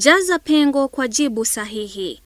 Jaza pengo kwa jibu sahihi.